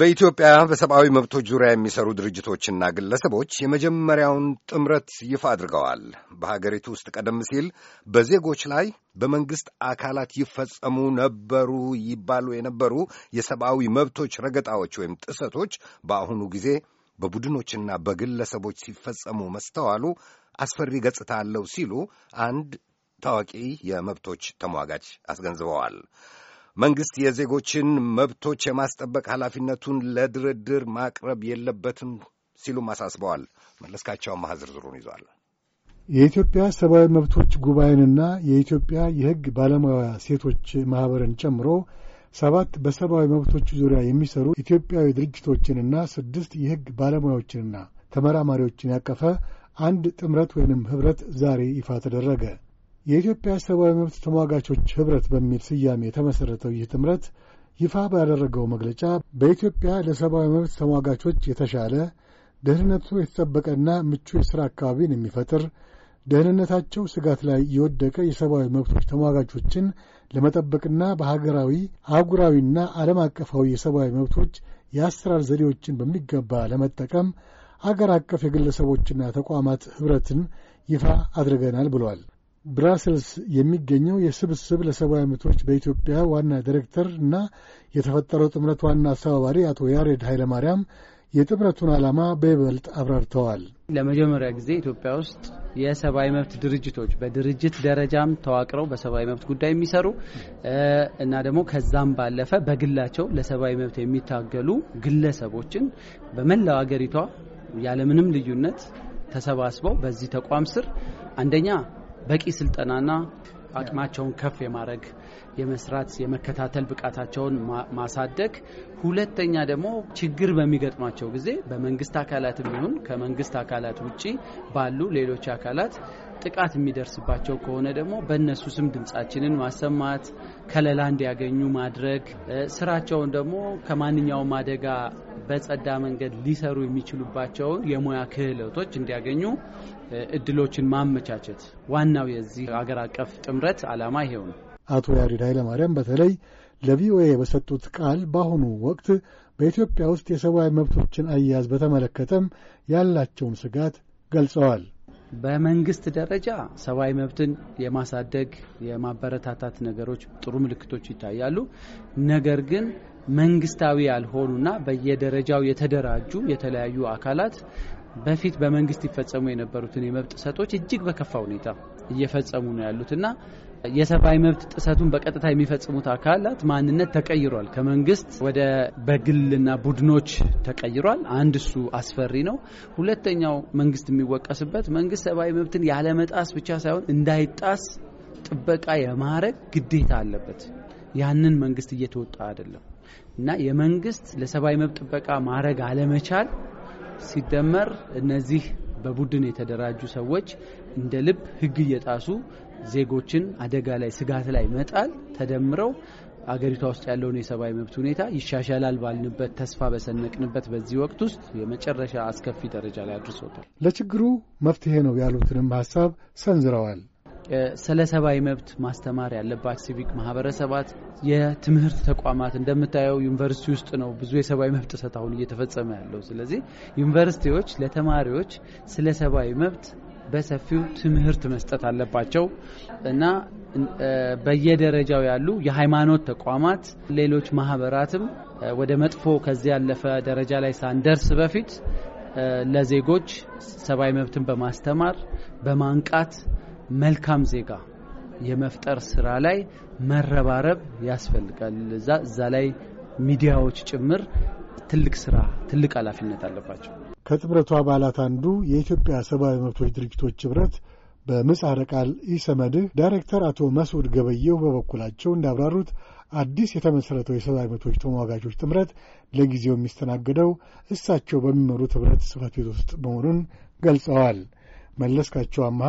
በኢትዮጵያ በሰብአዊ መብቶች ዙሪያ የሚሰሩ ድርጅቶችና ግለሰቦች የመጀመሪያውን ጥምረት ይፋ አድርገዋል። በሀገሪቱ ውስጥ ቀደም ሲል በዜጎች ላይ በመንግሥት አካላት ይፈጸሙ ነበሩ ይባሉ የነበሩ የሰብአዊ መብቶች ረገጣዎች ወይም ጥሰቶች በአሁኑ ጊዜ በቡድኖችና በግለሰቦች ሲፈጸሙ መስተዋሉ አስፈሪ ገጽታ አለው ሲሉ አንድ ታዋቂ የመብቶች ተሟጋች አስገንዝበዋል። መንግሥት የዜጎችን መብቶች የማስጠበቅ ኃላፊነቱን ለድርድር ማቅረብ የለበትም ሲሉም አሳስበዋል። መለስካቸውም መሐ ዝርዝሩን ይዟል። የኢትዮጵያ ሰብአዊ መብቶች ጉባኤንና የኢትዮጵያ የሕግ ባለሙያ ሴቶች ማኅበርን ጨምሮ ሰባት በሰብአዊ መብቶች ዙሪያ የሚሰሩ ኢትዮጵያዊ ድርጅቶችንና ስድስት የሕግ ባለሙያዎችንና ተመራማሪዎችን ያቀፈ አንድ ጥምረት ወይንም ኅብረት ዛሬ ይፋ ተደረገ። የኢትዮጵያ ሰብአዊ መብት ተሟጋቾች ኅብረት በሚል ስያሜ የተመሠረተው ይህ ጥምረት ይፋ ባደረገው መግለጫ በኢትዮጵያ ለሰብአዊ መብት ተሟጋቾች የተሻለ ደህንነቱ የተጠበቀና ምቹ የሥራ አካባቢን የሚፈጥር ደህንነታቸው ስጋት ላይ የወደቀ የሰብአዊ መብቶች ተሟጋቾችን ለመጠበቅና በሀገራዊ አህጉራዊና ዓለም አቀፋዊ የሰብአዊ መብቶች የአሰራር ዘዴዎችን በሚገባ ለመጠቀም አገር አቀፍ የግለሰቦችና ተቋማት ኅብረትን ይፋ አድርገናል ብሏል። ብራስልስ የሚገኘው የስብስብ ለሰብአዊ መብቶች በኢትዮጵያ ዋና ዲሬክተር እና የተፈጠረው ጥምረት ዋና አስተባባሪ አቶ ያሬድ ኃይለማርያም የጥምረቱን ዓላማ በይበልጥ አብራርተዋል። ለመጀመሪያ ጊዜ ኢትዮጵያ ውስጥ የሰብአዊ መብት ድርጅቶች በድርጅት ደረጃም ተዋቅረው በሰብአዊ መብት ጉዳይ የሚሰሩ እና ደግሞ ከዛም ባለፈ በግላቸው ለሰብአዊ መብት የሚታገሉ ግለሰቦችን በመላው አገሪቷ ያለምንም ልዩነት ተሰባስበው በዚህ ተቋም ስር አንደኛ በቂ ስልጠናና አቅማቸውን ከፍ የማድረግ የመስራት የመከታተል ብቃታቸውን ማሳደግ፣ ሁለተኛ ደግሞ ችግር በሚገጥማቸው ጊዜ በመንግስት አካላት ይሁን ከመንግስት አካላት ውጭ ባሉ ሌሎች አካላት ጥቃት የሚደርስባቸው ከሆነ ደግሞ በእነሱ ስም ድምፃችንን ማሰማት፣ ከለላ እንዲያገኙ ማድረግ፣ ስራቸውን ደግሞ ከማንኛውም አደጋ በጸዳ መንገድ ሊሰሩ የሚችሉባቸውን የሙያ ክህሎቶች እንዲያገኙ እድሎችን ማመቻቸት ዋናው የዚህ አገር አቀፍ ጥምረት ዓላማ ይሄው ነው። አቶ ያሬድ ኃይለማርያም በተለይ ለቪኦኤ በሰጡት ቃል በአሁኑ ወቅት በኢትዮጵያ ውስጥ የሰብአዊ መብቶችን አያያዝ በተመለከተም ያላቸውን ስጋት ገልጸዋል። በመንግስት ደረጃ ሰብአዊ መብትን የማሳደግ የማበረታታት ነገሮች ጥሩ ምልክቶች ይታያሉ። ነገር ግን መንግስታዊ ያልሆኑና በየደረጃው የተደራጁ የተለያዩ አካላት በፊት በመንግስት ይፈጸሙ የነበሩትን የመብት ጥሰቶች እጅግ በከፋ ሁኔታ እየፈጸሙ ነው ያሉትና የሰብአዊ መብት ጥሰቱን በቀጥታ የሚፈጽሙት አካላት ማንነት ተቀይሯል። ከመንግስት ወደ በግልና ቡድኖች ተቀይሯል። አንድ እሱ አስፈሪ ነው። ሁለተኛው መንግስት የሚወቀስበት መንግስት ሰብአዊ መብትን ያለመጣስ ብቻ ሳይሆን እንዳይጣስ ጥበቃ የማረግ ግዴታ አለበት። ያንን መንግስት እየተወጣ አይደለም እና የመንግስት ለሰብአዊ መብት ጥበቃ ማረግ አለመቻል ሲደመር እነዚህ በቡድን የተደራጁ ሰዎች እንደ ልብ ህግ እየጣሱ ዜጎችን አደጋ ላይ ስጋት ላይ መጣል ተደምረው አገሪቷ ውስጥ ያለውን የሰብአዊ መብት ሁኔታ ይሻሻላል ባልንበት ተስፋ በሰነቅንበት በዚህ ወቅት ውስጥ የመጨረሻ አስከፊ ደረጃ ላይ አድርሶታል። ለችግሩ መፍትሄ ነው ያሉትንም ሀሳብ ሰንዝረዋል። ስለ ሰብአዊ መብት ማስተማር ያለባት ሲቪክ ማህበረሰባት የትምህርት ተቋማት እንደምታየው ዩኒቨርሲቲ ውስጥ ነው ብዙ የሰብአዊ መብት ጥሰት አሁን እየተፈጸመ ያለው። ስለዚህ ዩኒቨርሲቲዎች ለተማሪዎች ስለ ሰብአዊ መብት በሰፊው ትምህርት መስጠት አለባቸው እና በየደረጃው ያሉ የሃይማኖት ተቋማት፣ ሌሎች ማህበራትም ወደ መጥፎ ከዚህ ያለፈ ደረጃ ላይ ሳንደርስ በፊት ለዜጎች ሰብአዊ መብትን በማስተማር በማንቃት መልካም ዜጋ የመፍጠር ስራ ላይ መረባረብ ያስፈልጋል። እዛ ላይ ሚዲያዎች ጭምር ትልቅ ስራ፣ ትልቅ ኃላፊነት አለባቸው። ከጥምረቱ አባላት አንዱ የኢትዮጵያ ሰብአዊ መብቶች ድርጅቶች ኅብረት በምህጻረ ቃል ኢሰመድህ ዳይሬክተር አቶ መስዑድ ገበየው በበኩላቸው እንዳብራሩት አዲስ የተመሠረተው የሰብአዊ መብቶች ተሟጋቾች ጥምረት ለጊዜው የሚስተናገደው እሳቸው በሚመሩት ኅብረት ጽሕፈት ቤት ውስጥ መሆኑን ገልጸዋል። መለስካቸው አምሃ